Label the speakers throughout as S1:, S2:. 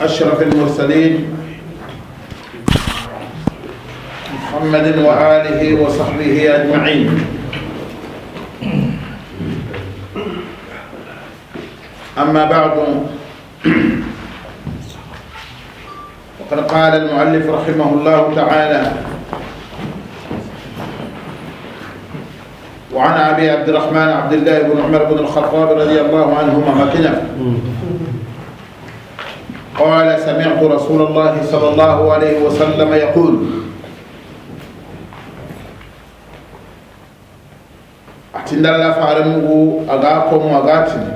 S1: أشرف المرسلين محمد وآله وصحبه أجمعين أما بعد وقد قال المؤلف رحمه الله تعالى وعن ابي عبد الرحمن عبد الله بن عمر بن الخطاب رضي الله عنهما مكنا قال سمعت رسول الله صلى الله عليه وسلم يقول اتند الله فارمه اغاكم واغاتني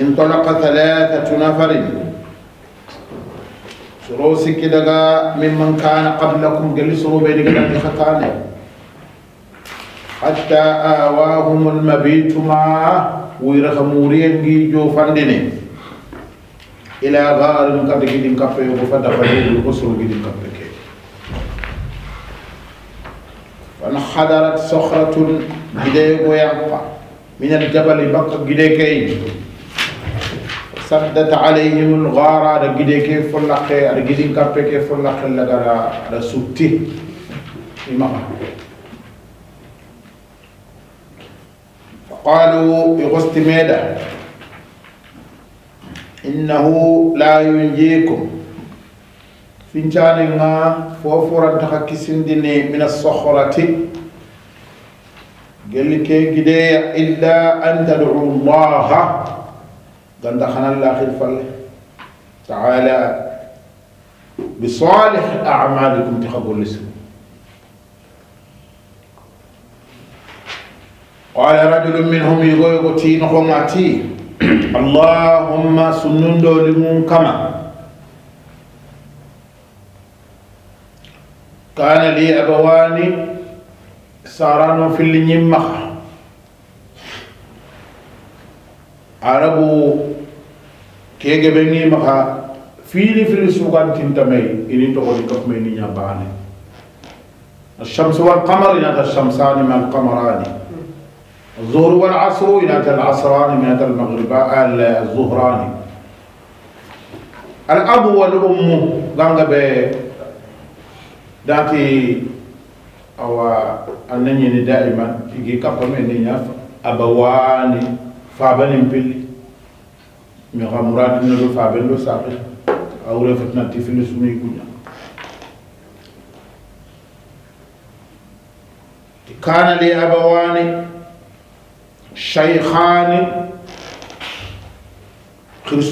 S1: انطلق ثلاثه نفر سروسك دغا ممن كان قبلكم جلسوا بين قلبي خطانه حتى آواهم المبيت معه ويرخمورينجي جو فندني إلى غار قد جدين كفي وفدخلوا الأسر جدين كفي وانحدرت صخرة جديك ويعفى من الجبل بق جديكي سدت عليهم الغار على جديك فلقي على جدين كفي فلقي لغرا على سوتي إمام قالوا يغسط ميدا إنه لا ينجيكم فنجاننا فوفورا سندني من الصخرة قال لك إيه إلا أن تدعو الله قال دخنا الله خلفل تعالى بصالح أعمالكم تخبر لسوا قال رجل منهم يقول تين قماتي اللهم سنن دولمون كما كان لي أبوان ساران في اللي arabu kege بني مخا maka fili fili sugan tintamay ini to ko dikof may ni nyabane الشمس والقمر يا الشمسان ما القمران الظهر والعصر إلى العصران من المغرب المغربان الظهران الأب والأم غنغبي داتي أو أنني دائما في من أنني أبوان فابن بلي من غمرات نلو فابن لو ساقي أو رفتنا تفل سمي كنا كان لي أبوان شيخان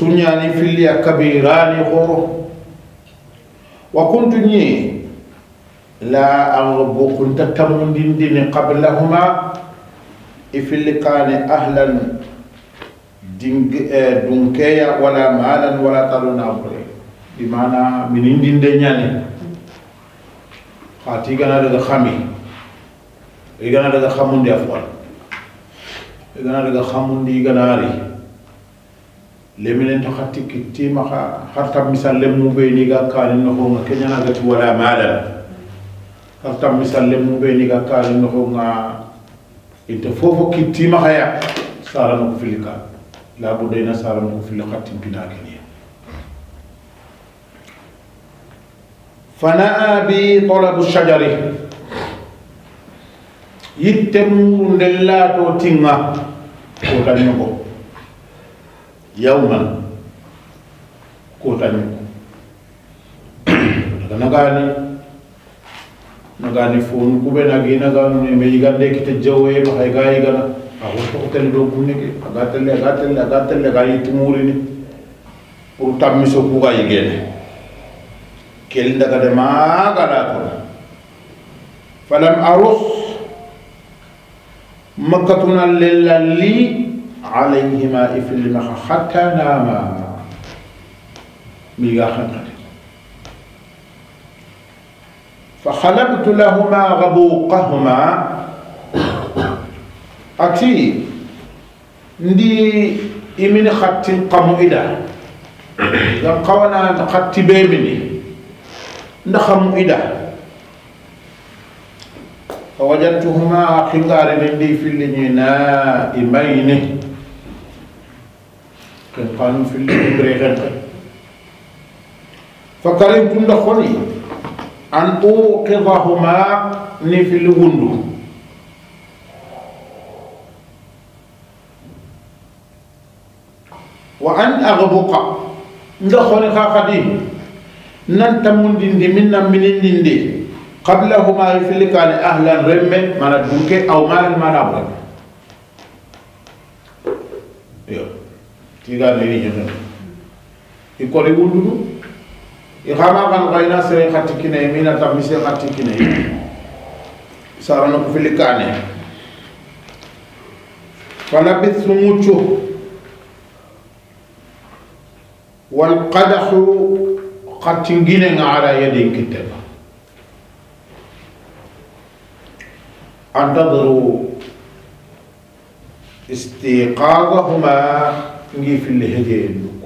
S1: يعني في اللي كبيران خور وكنت ني لا أغبو كنت تمندين دين قبلهما في اللي كان أهلا دنكيا آه، ولا مالا ولا تلون أبري بمعنى من دين يعني خاتي غانا خمي خامي كان هذا خامون دي igana daga xamundi iganaari leminen to ki kittima xa xartam misal be ni ga kaani noxonga keñanagati wala mala xartam misal be ni ga kaani noxonga inte fofo kittima xaya saranogo fili fil labudayna bina fili xattimpina kenia فنأى بطلب shajari yittemu nde laato tinŋa kotañu ko yawman kotañu ko nagani nagani fonu kuɓe nagi nagano ne mbe yigande kite jawweeno hay ga yigana a wotto ko telle ɗo gunneke aga telle aga telle aga telle aga yittumurini pour tammiso kuga yigene kel ndagade maga laatona falam arus مكتنا للي عليهما إفلما حتى ناما ميغا خنقتي فخلبت لهما غبوقهما أتي ندي إمن خط qamu ida gan نخط khatti نخم nda فوجدتهما خنغار لدي في اللجناء بين كن قانون في اللجناء كن دخولي أن أوقظهما ني في الغندو وأن أغبق دخولي خاقدين ننتمون دين منا من دين qablahuma i filli kani ahlan remme mana dunke aw malan mana bra yo tiga ne ni nyono i kori wundudu i xama xan xayna sere xati kine mina tam mise xati kine sarano ko filli kane falabistu muccu والقدح قد تنجين على يدي كتبه انتظروا استيقاظهما نجي في الهدين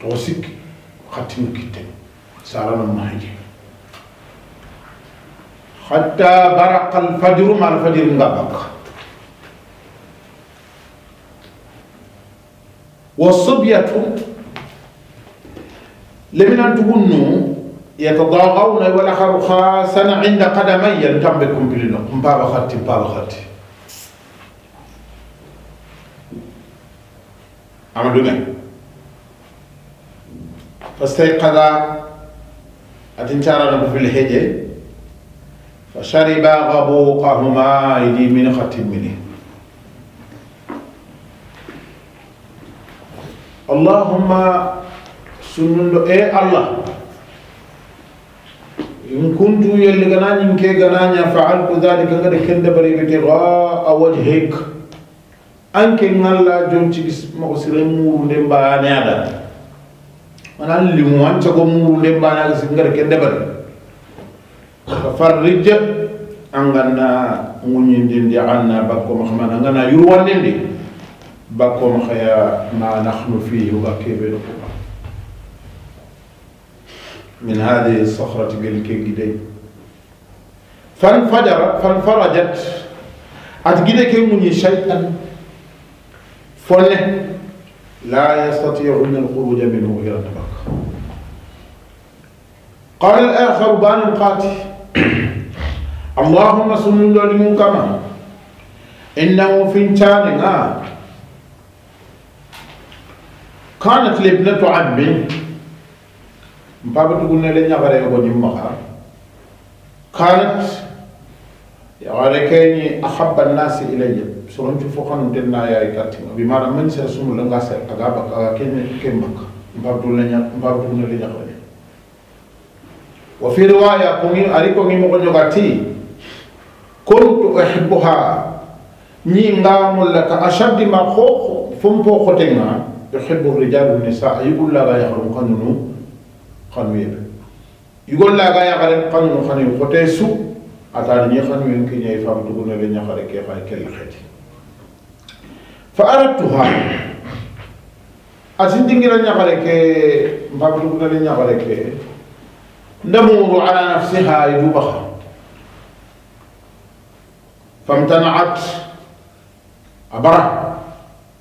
S1: توسك ختم كتن سارنا مهجي حتى برق الفجر مع الفجر انغبق والصبية لمن أن تكونوا yatadagawna walakharu khasana inda kadamaya ntambe kumpilino mpaba khati mpaba khati amadume fastayqadha atincharana fil hije فشرب غبوقهما إلي من ختم منه اللهم سنن إيه الله إن كنت يلغناني مكي غنانيا فعلت ذلك غير خند بريك ابتغاء وجهك أنك إن الله جمت مغسر مور لمباني هذا أنا اللي وانت مور لمباني هذا سنغر كند بريك ففرج أنغنا مونيندين دي عنا بكو مخمانا أنغنا يروان دي بكو مخيا ما نحن فيه وكيبه من هذه الصخرة بالكيكدي فانفجر فانفرجت أتجد من شيئا فله لا يستطيعون الخروج منه إلى الطبق قال الآخر بان القاتل اللهم صل على كما إنه في انتان كانت لابنة عمي mpaɓetugune le ñagarego ñim maxa kanat yaxare keñi a xabba nasi ilaye soroncu fo xanunten na yaay kartinga bi mana men se sumulanga se aga bak aga kene ke mbak mpaɓetugune le ñagarene wa fi riwaya kongi ari kongi mogo ñogati kuntu uhibbuha ñi ngamulla ka ashaddi ma xo fompo xotenga yuhibbu rijalu nisa ayigullaga yaxarum kanunu xanu yebe igol laga yaxare xanu xanu xote su ataani ñi xanu yen ki ñay fam duguna be ñaxare ke xay kel xeti fa aradtuha asin dingira ñaxare ke mbam duguna be ñaxare ke ndamuru ala nafsiha idu baxa famtanaat abara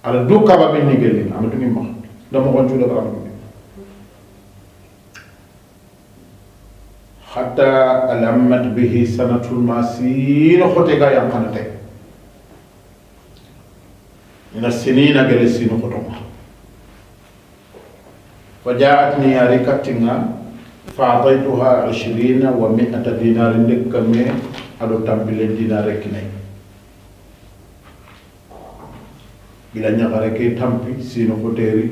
S1: ala du kaba be nigelin amatu ngi max ndamoxon cuuda bara hatta alammat bihi sanatul masin hote ga yankanate ina sinina gele sinu hotoma fa jaat ni ari kattinga fa ataituha 20 wa 100 dinar ndekame ado tambile dinar rek nay bila nyaare ke tampi sinu hoteri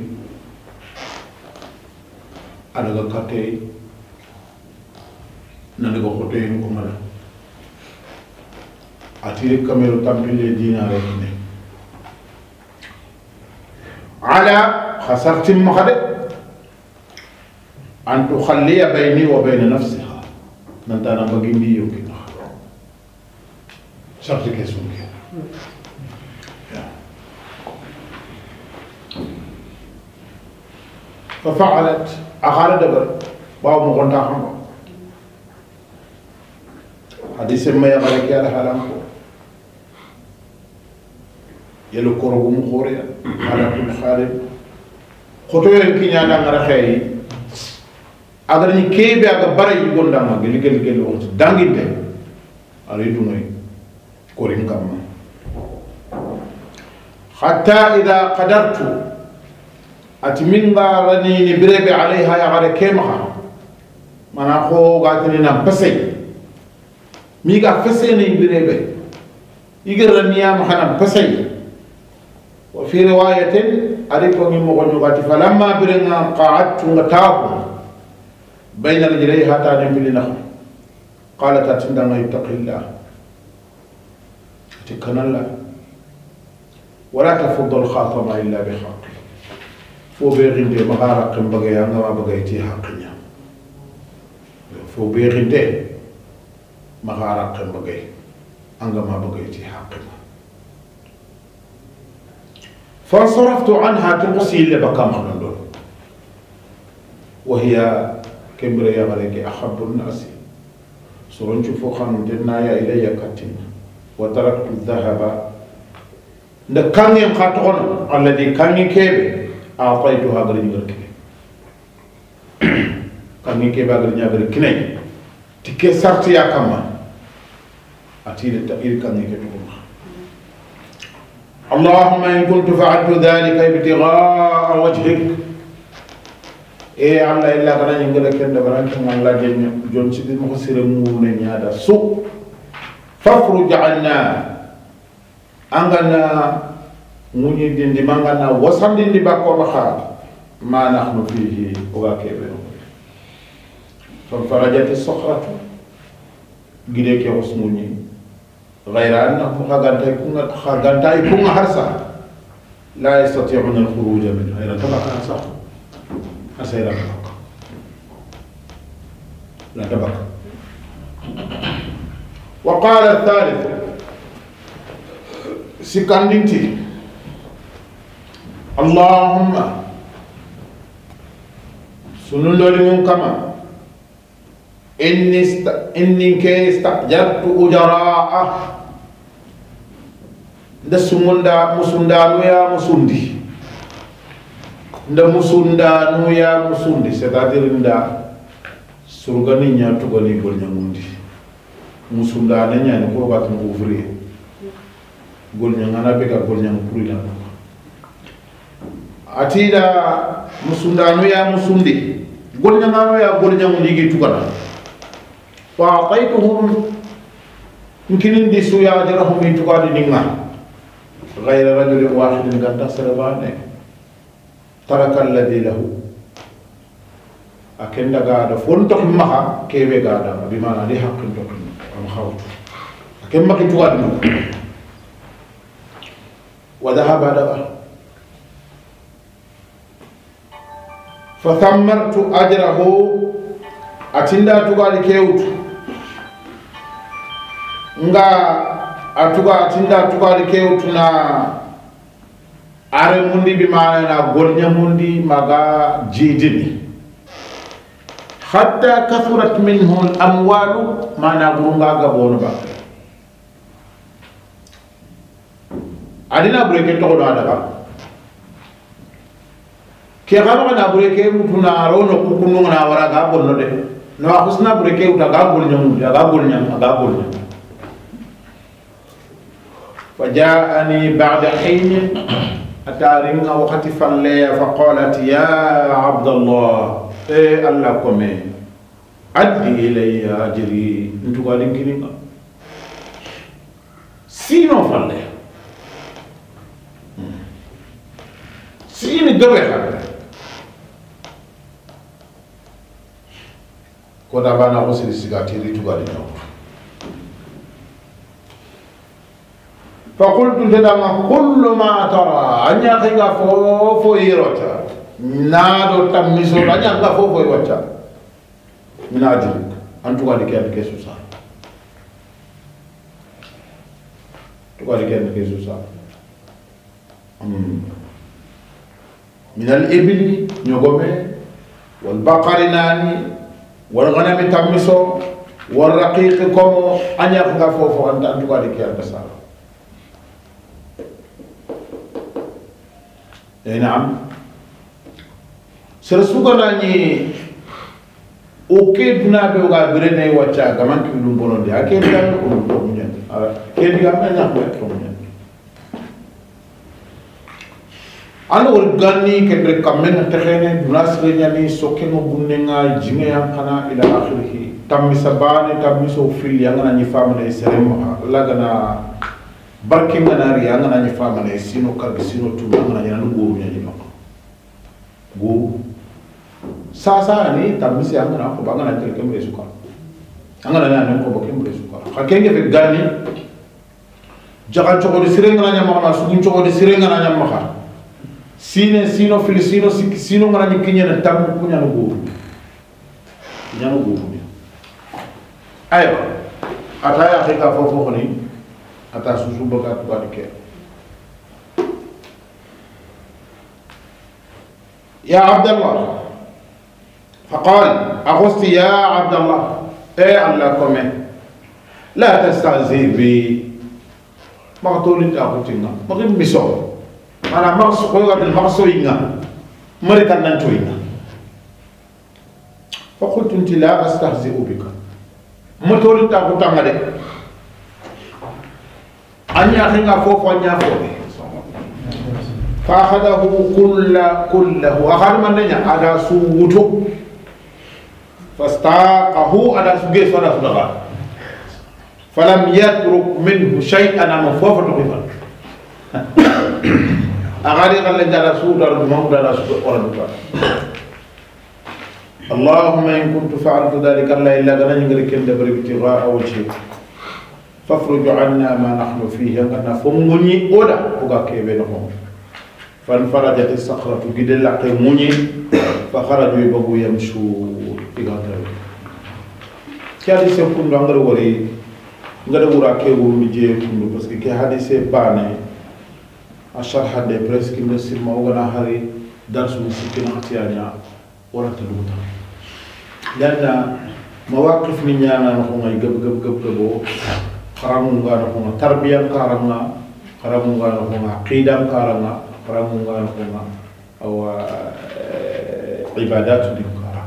S1: ado ga kattay nani ko hoto yin kuma na atiri kameru tampile dina ne ala khasartin mahade an tukhalliya bayni wa bayna nafsiha nan tana bagindi yoki na sharti ke sunke ففعلت أخرج دبر باو مغنتا خمر adi semma yagare ke ala halan ko yelo korogumu hooreya ala kulli haalin hotoyen kiñadangara xeeyi agarañi keeɓe aga bara yigondanga geli geli geli onta dangidde ara yidunoy korin kamma hatta ida qadartu ati min ngaranini bireɓe alayha yagare kemaha mana xoogatinina basey ميغا فسيني بريبي يغر نيام حنم فسي وفي رواية أريكم يمغن يغاتي فلما برنا قعدت غتاه بين الجري حتى نمبل نخم قالت أتندنا يتق الله تكن الله ولا تفض الخاتم إلا بحق فو بيغن دي مغارق بغيانا ما بغيتي حقنا فو بيغن دي مغارق بغي أنغما بغيتي حقنا فانصرفت عنها تقصي اللي بقى دون وهي كمبريا غريك أحب الناس سرنج فوقا دنايا إلي كتن وتركت الذهب نكان ينقطعون الذي كان يكيب أعطيتها غرين غركني كان يكيب غرين غركني تكسرت يا كمان أتير التأير كان اللهم إن كنت فعلت ذلك ابتغاء وجهك إيه الله إلا كنا ينقل كنا بنا الله جن جن سيد مخسر مورن يادا سوق فافرج عنا أنغنا موني دين دي مانغنا وسام دين دي باكو ما نحن فيه وكيف فانفرجت الصخرة قديك يا وسموني غير أنه خغانتا يكون خغانتا يكون هرسا لا يستطيعون الخروج منها غير تبقى هرسا هرسا لا تبقى لا تبقى وقال الثالث سكانتي اللهم سنن لولي من كما إني است... إني كي استأجرت أجراءه nda sumunda musunda musundanuya musundi nda musundanuya musundi c'est à dire nda surgani nya tugani mundi musunda na nya ni ko batum mu gol nya ngana be ga gol nya nyang la atida musunda musundanuya musundi gol nya ngana ya gol nya mundi gi tugana wa ataituhum nkinin di suya jarahum itugadi ninga غير رجل واحد قد تصل بانه ترك الذي له أكن قاعد فلتك مها كيف قاعد بما لي حق لكن أم خوف أكن ما كنت وذهب دبا فثمرت أجره أتندا تقال كيوت nga atuga tinda tukari kew tuna are mundi bi manana golnya mundi maga jidini hatta kathurat minhu al-amwalu mana ga bonu ba adina breke to do adaba ke garo na breke mutuna rono kukunu na wara ga bonno de no husna breke uta ga golnya mundi ga golnya ga golnya وجاءني بعد حين أتارين وقت فلي فقالت يا عبد الله إيه الله كمي أدي إلي أجري أنتو قادم كنين سينو فلي سين دوبي فلي كنا بانا قصر السيغاتيري تقادين أخر فقلت تدام كل ما ترى أن يخيغ فوفو يروتا نادو تمسو أن يخيغ فوفو يروتا من أجلك أنتو قال كيف كيسو صار تقول كيف كيسو صار من الإبل نيوغومي والبقر ناني والغنم تمسو والرقيق كومو أن يخيغ فوفو أنت أنتو قال كيف صار اي eh, نعم sere suganañi o ke dunaɓe oga birene wacca gaman kiɓilum bononde a ke ndigamɓe ko muñande ke ndigamɓe ñamɓe ko muñande anda wol ganni kedre kammenga texene duna sireñani sokkengo gunnenga jingeyan xana ila axirihi tammisa baane tammiso fili anganañi famane seremaxa lagana barki ngana ri anga na ni fama na sino kar sino tu anga na nyana go nya ni mako go sa sa ni tamisi anga na ko banga na tel kembe suka anga na na ko bakem be suka ka kenge be gani jaga choko di sire na nya maka su choko di sire na nya maka sine sino filisino sino ngana ni kinya na tamu kunya no go nya no go ayo ataya ka fofo ni ata susu baka tuka dike يا عبد الله فقال أغسط يا عبد الله إيه الله كمين لا تستهزئ بي مقتول تاكوتينا مغيم بيسو انا مقص قوي المقص ينا مريت ان نتوينا فقلت انت لا استهزئ بك مقتول تاكوتانا أني خنغا فوفو أني فوفو فأخذه كل كله أخذ من نجا على سوته فاستاقه على سوجي صلاة نغا فلم يترك منه شيئا أنا مفوف نقفا أغادي قال لك على سوده المهم على سوده اللهم إن كنت فعلت ذلك الله إلا غنى يغرك ابتغاء وجهك فافرج عنا ما نحن فيه غنا فمني اولا بوغا كيبنهم فانفرجت الصخرة جدل لقيموني فخرجوا يبغوا يمشوا إغاثروا كالي سيكون لغر وري غدا ورا كي وو ميجي كوندو باسكو كي حديثه باني اشرح حد بريسك نسيم ما وغنا هاري درس مسكين اختيانيا ولا تلوتا لان مواقف من يانا نخو ماي غب غب غب غبو karamunga no honga tarbiyan karanga karamunga no honga aqidan karanga karamunga no honga awa ibadatu din kara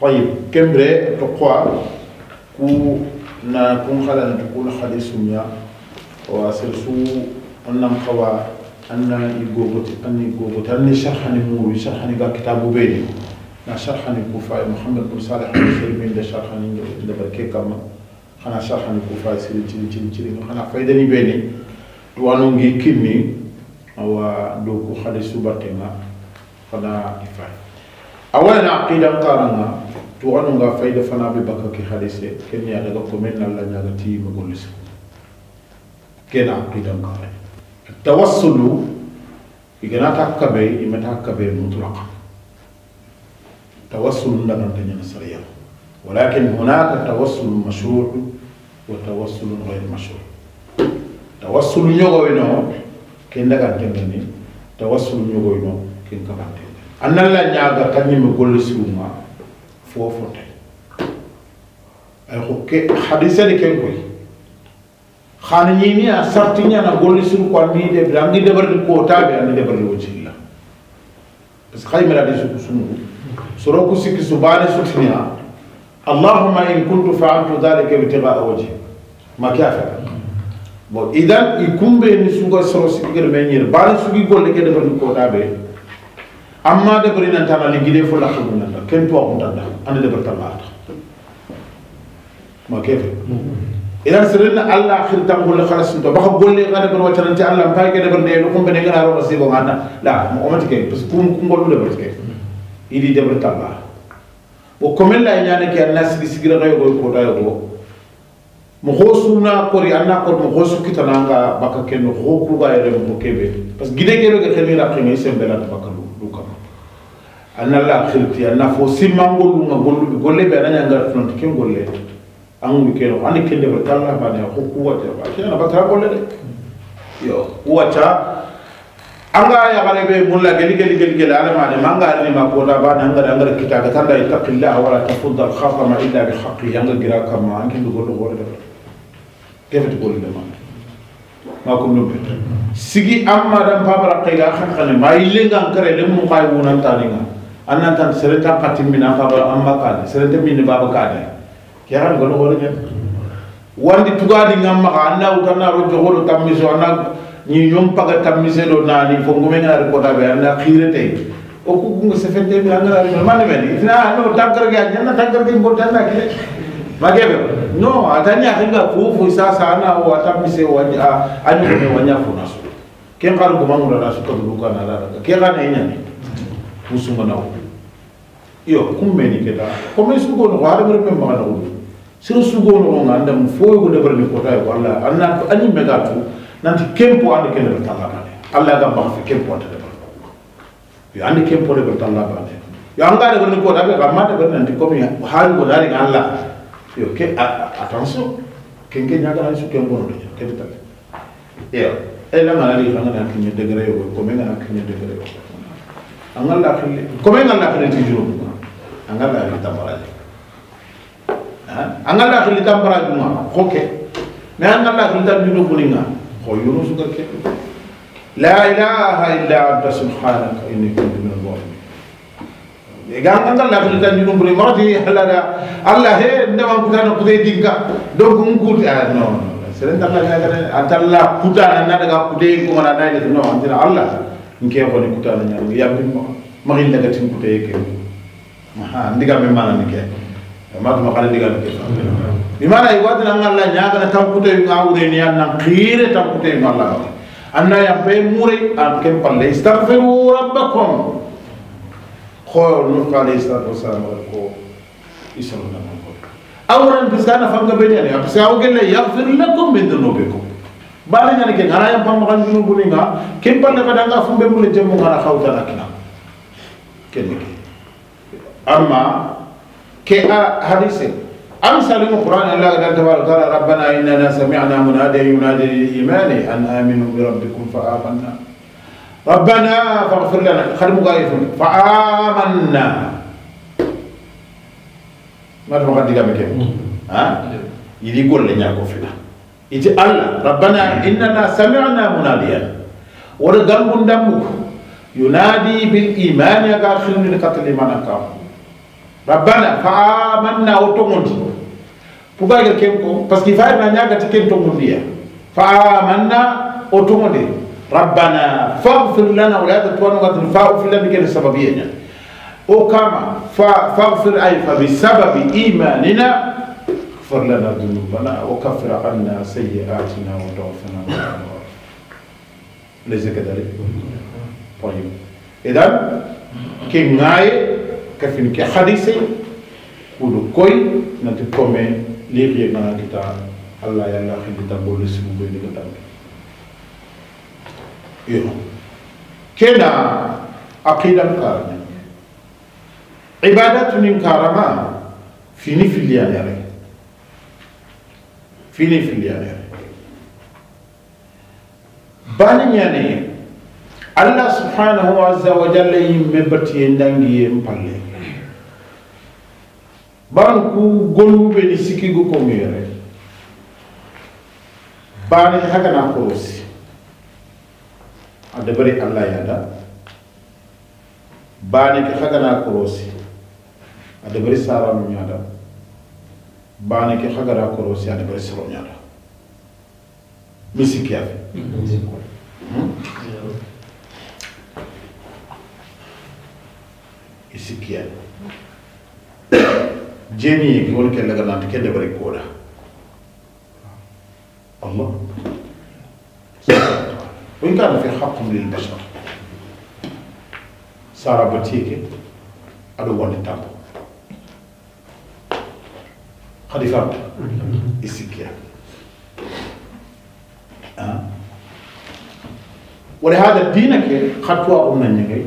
S1: tayib kembre to kwa ku na kun khala na kun khalisumya wa sirsu annam khawa anna igogoti anni igogoti anni sharhani muru sharhani ga kitabu bayni na sharhani kufa muhammad bin salih al-saymin da sharhani da barke kama xana sahani ko fa siri cini cini cini no xana faydani bene duwano ngi kinni awa do ko xade subatenga fana ifay awala na aqida qaranga duwano nga fayda fana be bakka ki hadise kenya daga ko men Allah nyaga ti ma golis kena aqida qaranga tawassulu igana ta kabe imata kabe mutlaqa tawassul ndaga tanya nasariya ولكن هناك توصل مشروع وتوصل غير مشروع توسل نيغوينو كين دغا تنغني توسل نيغوينو كين كبات ان لا نياغا كاني مغول سيوما فوفو تاي اي خوكي حديثا دي كين كوي خان نيني سارتي نانا غول سيو كو ني دي برانغي دبر كو تابي ان دبر وجهي لا بس خايمرا دي سوكو سونو سوروكو سيكي سوباني سوتنيا اللهم ان كنت فعلت ذلك ابتغاء وجهي ما كافا بو اذا يكون بين سوغا سرو سيغير مينير بار سوغي غول كي دبر نكو دابي اما دبر ان تانا لي غيدي فلا خمنا كين تو اون دابا انا دبر تما ما كافا اذا سرنا الله خير تام غول خلاص نتو باخ غول لي غاد بر وتر نتي الله باي كي دبر نيو كوم بني غارو سيغو غانا لا ما اومتي كي باسكو كوم غول دبر كي يدي دبر تما o komen la ñana ke anna sigi sigira ga yogo ko da yogo mo hosu na ko ri anna ko mo hosu kitana nga baka ken ho ku ga yere mo kebe parce gide gero ke tani ra ken isen bela ta baka lu lu ka anna la khirti anna fo simango lu nga gollu bi golle be anna nga front ke golle angu ke ro ani le ba tan na ba ne ho ku wa ta ba ke na ba ta golle yo wa ta anga yagare be mulla geli geli geli geli alamane manga arni ma koda bana angara angara kita ga tanda ittaqillah wala tafudda al khatama illa bi haqqi anga gira kama anki ndu godo godo da kebe to godo ma ma kum no bet sigi amma dan babara qila khan khan ma ille ngan kare le mun qay wonan taninga annan tan sereta qatim min babara amma kan sereta min baba kan kiran godo godo ne wandi tugadi ngamma anna utana ro jogoro tammiso anna ñi ñom paga tamisé do nani fo ngumé ngara ko tabe anda khirete o ku ngu se fete mi la ari man wéni ina no dagar ga nyanna dagar ga ngol tan na kire magebe no fu fu sa sa na o ñu ñu wa ne na su ké karu ko mangula na su ko ko na la ke ga ñan ina su ma na o iyo kumbeni keda su ko no wara mere pe magana o su ko no nganda fo foyo go de ni ko tay wala anna anyi mega tu nanti kempo ande kene b e talla k a n e allah gam b a fe kempo ante d e b a l yo ande kempo deɓel talla k a n e yo angade ko ni k o o a ɓe a m m a d e k e l nanti k o m m e haali ko daariga a l l a yo ke attention kenke n y a g a n a su kempono ɗ e kede tale yo e l a n g a l a r i angana k i ñ i d e g r e yo k o m e ngana i ñ e d e g r e yo angalla f i l l e c o m e n g a n l a k i l e tijuro angalla k i l l t a m a r a j i angalla k i l l tamaraje ma ko ke m a i a n g a l a kille t a j i n o kuninga ويونس قال كده لا إله إلا أنت سبحانك إني كنت من الظالمين إيجان قال لا فلتان جنوب بريماتي هلا لا الله هي إنما كنا نقضي دينك دوك مكوت آه نو سرنت الله كذا أنت الله كوتا أنا لك كودي كم أنا نايد نو أنت الله إنك يا فلان كوتا أنا يا بني ما غير لك تيم كوتا يك ما ها عندك أمي ما أنا نكيا amma ma kala diga ke bi mana i wadna ngalla nyaga na tampute ngawre ni anna khire tampute ngalla anna ya be mure an kem palle istaghfiru rabbakum ko nu kala istaghfiru salam ko isalu na ko awran bisana fanga be ne apse awgelle yaghfir lakum min dhunubikum bare ngani ke ma yang pamakan junu bulinga kem palle badanga fumbe mule jemu ngara khawta nakina kenike amma ke a hadise amsali mu qur'an allah da tabaraka taala rabbana innana sami'na munadiyan yunadi lil imani an aminu bi rabbikum fa amanna ربنا فاغفر لنا خلي مغايفون فآمنا ما تبغى قد يقابلك ها يدي يقول لنا كفلا يجي الله ربنا إننا سمعنا مناديا ورقم دمك ينادي بالإيمان يا قاتل من قتل من قام rabbana fa amanna o togondi pourquoi gel ken ko par ce que fayna ñagati ken togondiya fa amanna o togonde rabbana fagfir lana walada tuwanugatin fa o fillandi kene sababiya ñan o kama fa fagfir ay fa bisababi imanina اغفر لنا ذنوبنا وكفر عنا سيئاتنا وتوفنا مع الابرار ليس كذلك؟ طيب اذا كي كفين كي حديثي ولو كوي نتي كومي ليبيا نا كيتا الله يلا خي كيتا بولس مو بين كيتا يو كينا اكيد القرن عبادات من كرما فيني في الليالي فيني في الليالي بالي يعني الله سبحانه وعز يمبتي نانغي يمبالي banku golu be ni sikigo ko bani haka na korosi ade bari allah yada bani ke haka na korosi ade bari sara no nyada bani ke haka na korosi ade bari sara nyada misiki yafe hmm? جيمي يقول كان قال أنت كلا بريك كورة الله وإن كان في حقهم للبشر سارة بتيكي أدو وان تامبو خليفة إسكيا آه. ولهذا الدين كي خطوة أمنا نجي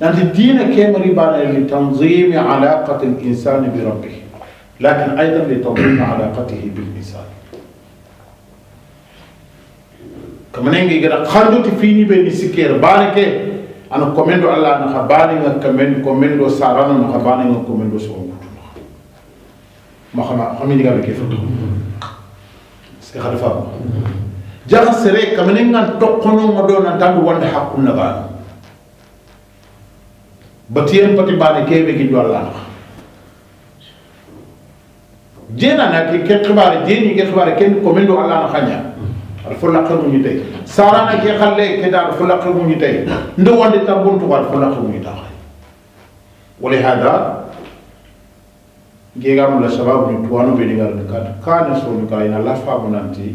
S1: لأن الدين كما ربا لتنظيم علاقة الإنسان بربه لكن أيضا لتنظيم علاقته بالإنسان كما ينجي نعم يقول خرجت فيني بين سكير بانك أنا كمندو على أنا خباني كمان كومندو سارانا أنا خباني كومندو سونغ ما خما خميني قبل كيف تقول سيخرفا جاء سريك كمن نعم، إنك تقنو مدونا تابو وند حقنا بانه pati bani kebe ki jena na ki ke khabari jeni ke khabari ken ko mendo ala do khanya al aɗa fo ni tay sara na ki khalle ke dar keda aɗa ni tay ndo wonde wal ta bontuko aɗa fo laqemuñi hada ge gamu la sababu ni tuwanu ɓeɗigal kat kane sonu ka ina la fa bonanti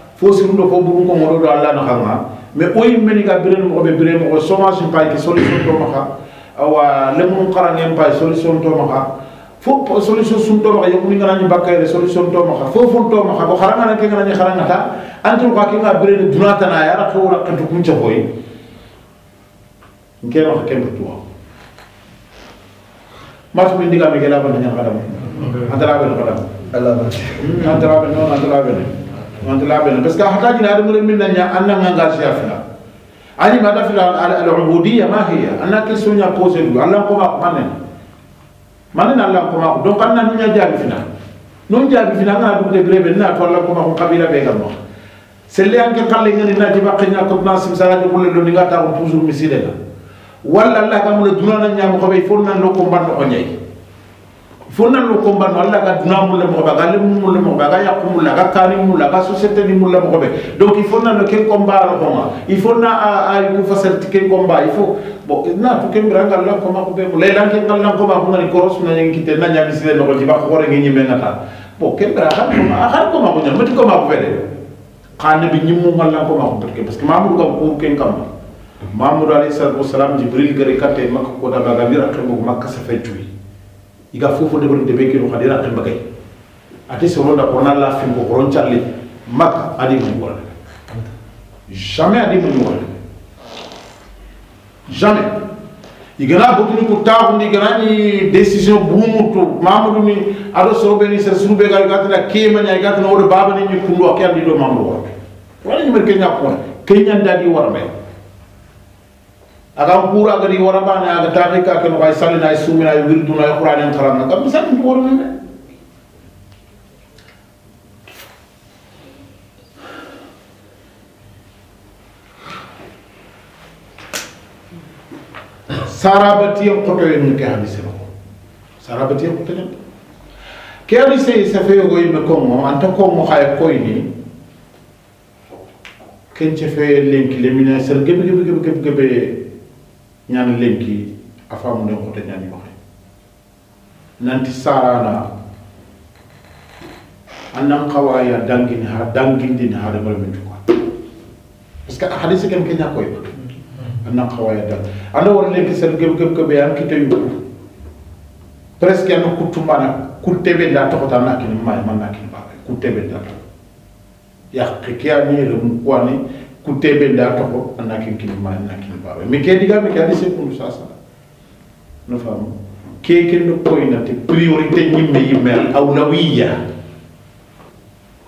S1: fo sirundo fo burunko moɗo ɗo allah no xanga mais o yimmeni ga biren moxo ɓe bire moxo chômage pay ke solution tomaxa awa lemunum xarangen pay solution tomaxa fo solution sun tomaxa yoguninganañi bakkayre solution tomaxa fo fon tomaxa o xarangana ke nganañi xarangata antin xa kenga birene dunatanaya raqe wo raqetu kun coxoyi nkenoxa ke mbetuwa matumi ndiga meke labana ñan xadam antaraɓen xadam antaraɓen noon antaraɓene wanti labena paske hataji na adamu remin nanya anna nganga siafina ani mada fila ala ala ubudiya ma hiya anna kisunya pose dulu anna koma manen manen anna koma don kanna nunya jabi fina nun jabi fina nga adu de grebe na to anna koma ko kabila bega no selle anke kalle ngani na jiba kenya ko na sim sala de bulle do ninga ta ko toujours misile la walla allah kamule dunana nyam ko be fonna ndoko mbando onyei fonna no komba no alla ga duna mulle mo ba galle mulle mo ba ga yakku mulle ga kani mulle ga société ni mulle mo be donc il faut na no ken komba ro ma il faut na a a il faut faire ken komba il faut bon na tu ken branga la ko ma ko be mulle la ken la ko ba ko ngani koros na ngi kite na nya sile no ko jiba ko re ngi me ngata bon ken branga ko ma har ko ma ko nya mati ko ma ko be de xane bi ñimu ngalla ko ma ko parce que mamour ko ko ken kam mamour alayhi salatu wassalam jibril gari katte makko ko da ba ga mira makka sa fe tuyi iga fofo deboni debe keno hadira ken bagay ate soronda korona la finko koron calli makka adi mun wala jamais adi mun wala jamais igana bokini ko ta taxundi iganani décision bumutu mamadou ni ado aɗo soɓeni sa be ga gatana kemaña gatana oɗo babani ñi kundu a ke andiɗo mamadou waraɓe wala ñimen keña koona keñandadi wara meen aga kura ga di warabane aga taxi ka ken xay salina ay sumina ay wirduna ay qur'anen xaranna kam misalin tu warna ne sarabati en qoto en ke hadise ko sarabati en qoto ke hadise sa fe go yimbe ko mo anta ko mo xay koy ni ken ce fe lenki lemina sel gebe gebe gebe gebe ñaami lenki a faamunden xote ñaami maxe nanti sarana annan qawaya dangin ha dangindin ha dama men cuka parce que hadise kem ke ñakoy annan qawaya dang anda wara lenki sen gem gem ke be an kita yu presque an kutuma na kutebe da to ta na kin ma man na kin ba kutebe da to ya qikiya ni remu kwani kutebe da toko anakin kilima anakin bawe mi ke diga mi adi se sekulu sasa no famu ke ke no koina te priorite nyimme yimme al awlawiya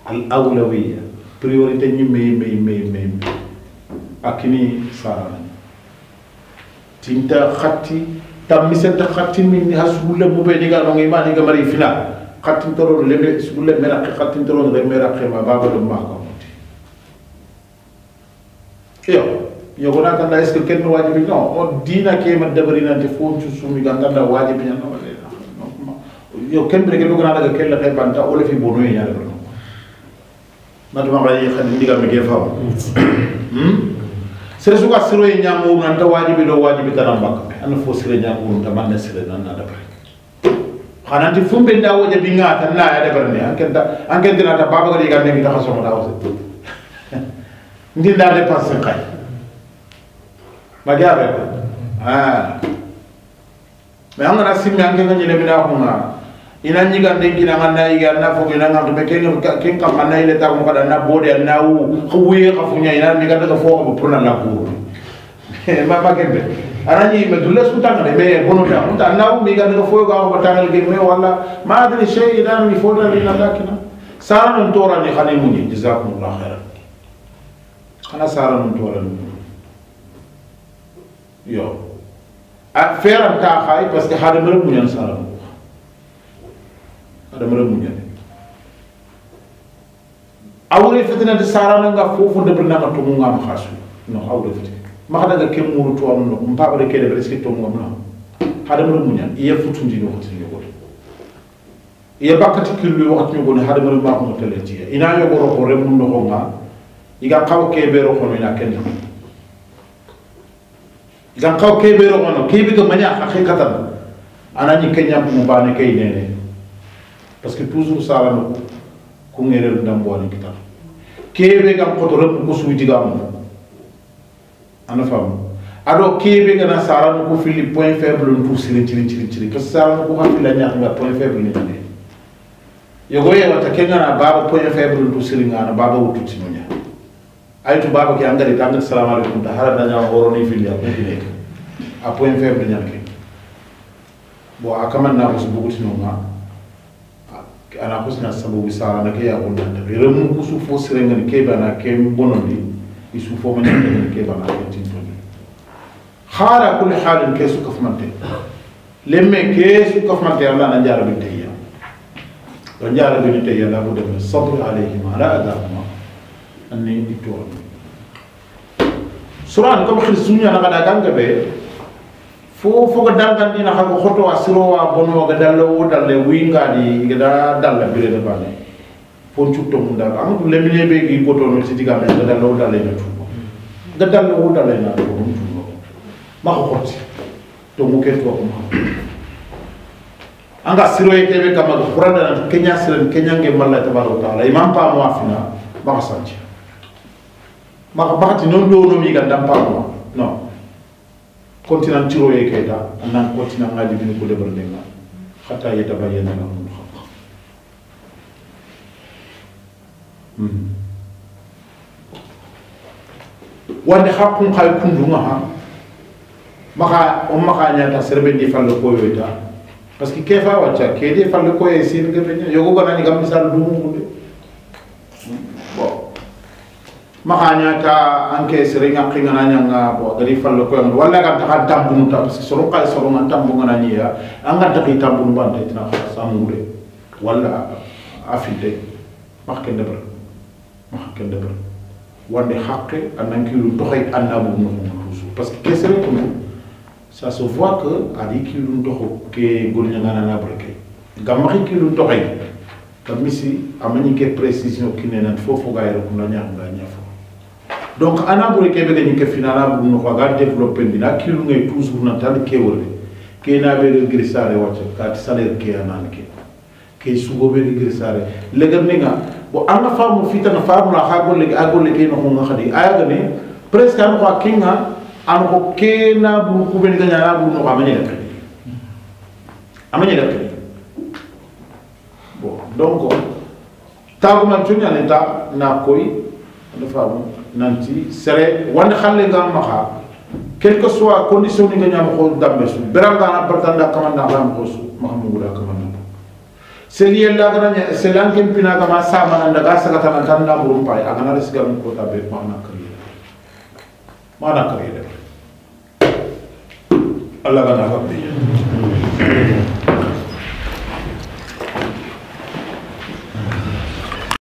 S1: al aulawiya, priorite nyimme yimme yimme yimme yimme akini sara tinta khatti ta khati min ni hasulle be diga no ngi mani ga mari fina khati toro le sulle mera khati toro le mera khema baba do ko iyo yogona kanda est ce que ken wajibi no o dina ke man dabari te fo chu sumi ganga da wajibi no wala yo ken bere ke lugana daga ken la kai banta o oh, le fi bonu ya no matuma bayi khadi ndiga kan mi gefa hmm sere suka siro e ñamuru nan ta wajibi do wajibi tanam bakka an fo sire ñamuru ta manne sire nan na da kana khananti fumbe nda woje bi ngata na ya da ne an ken da an na dina ta baba ga diga ne mi ta khaso ma da wose ndilla dépense kay magi aɓe ko mais an gana simmi an kenga ñilemina kunga ina ñigande kinanga na yiga anna fogo ina ngantume ken kam anna yiletakum kada anna boode anna wu xa wuye xa fuña ina migandaga fooxaɓe pour nanna kuuru mama kembe ana ñiime dulle sutangale mais bonota unta anna wu migandaga foyoga xoɓa tangale ke mais walla ma adri chey inanani fotanina lakina sara num torani xani muñi jasakumullah xeyran xana saranum toranum yo a feranta xaay parce que hadamare muñan saranum hadamare muñan awre fetinante sarananga fofo ndeɓrinanga tomungama xa su no awre fete maxanaga ke muru toanum no mpaɓare ke deɓre est ce que tomungam na hadamare muñan iya futundino xotini yogoto iya bakkati killu waxtu ñogoni hadamare maxumo teletiya ina yogoro ko remum noxonga iga kaw kebero kono ina kenna iga kaw kebero kono kebi ga manya akhi katam hakikatan ni kenya mu bane kay nene parce que toujours ça la ku ngere ndam woni kita kebe ga ko to rep ko suuji ga mu ana fam ado kebe ga na sara mu ko fili point faible ndu sire tiri tiri tiri parce que sara mu ko ha fili nya ga point faible ni tane yogoye ye wata kenga na baba point faible ndu sire ngana baba wututi nya aytu mbaɓe ke angari ko angati salamu aleykum ta hara dañama horoni filli a kutineke a point faible ñanke bon a kamanna kusu bugutinoma ana kusina sababu sarana ke yakunnanta remu kusu fo sirengani keɓe ana ke bonondi i su fo mañangani keɓe ana ke tintoni hara kulli halin ke su kafmante lemme ke su kafmante allah na do jarabin tayya ɗo jarabini tayya labudemen sabri alayhim ala adahuma anne ittoon suran comme xir suñana xada ganga be fo dal lo wutal le sirowa nga di ga da dal la bire de bane fo to mu dal le lemine be gi gotono sidigame ga dalla wo le na tu ga lo wutal le na ma maxo xoti to mu ko ma anga siroye keɓe da kenya keña kenya nge malla tabaraka taala imam afina ba ko santia maka bakati non ɗonomi g a d a m p a l o n o continent tiroye keyta annan continent n g a d i b i n ko lebar d e n g a h a t a yetabayyana l a h u n k h a q wande h a k u n kay kundunga ha maka on maka n y a t a serbendi falle koyoyta par ce que ke fa w a c h a k e d i falle koye sin geɓe ñ yogo b a n a n i kam misal d u m u g u makanya ta anke serenga qingana nga bo dari fallo ko ka walla ka xa tambunu ta parce que soron xay soron an tambungana ñeya anga taki tambunu banta itina xa samude wala afite finte max ke ndebra max ke ndebra wande xaqe anankiru doxay annabu noxuma toujours parce que ke sere ça se voit que ki kilu doxo ke golñangana na barke ki lu doxay kamisi amani ke précision kinenat fofoga yero kuna ñanga ñafo donc anabure kebe ke ñike finala bur no ke grisare ke anan ke ke grisare anga famu fitana famula ha golle a golle ke no honga kadi presque ko a kenga ano ko ke naburu kuɓeni ga ñanaburu noko amañega kadi amañega kadi bon donc taguma coñaneta na koy anda famu nanti sere wanda khalle ga maha quel que soit condition ni ganya ko dambe su beram dana bartanda kamanda ram ko su mahmu gura kamanda seli yella ganya selan kem pina ga ma sa manan daga saka tan tan na burum ko mana kariya mana kariya Allah ga na rabbi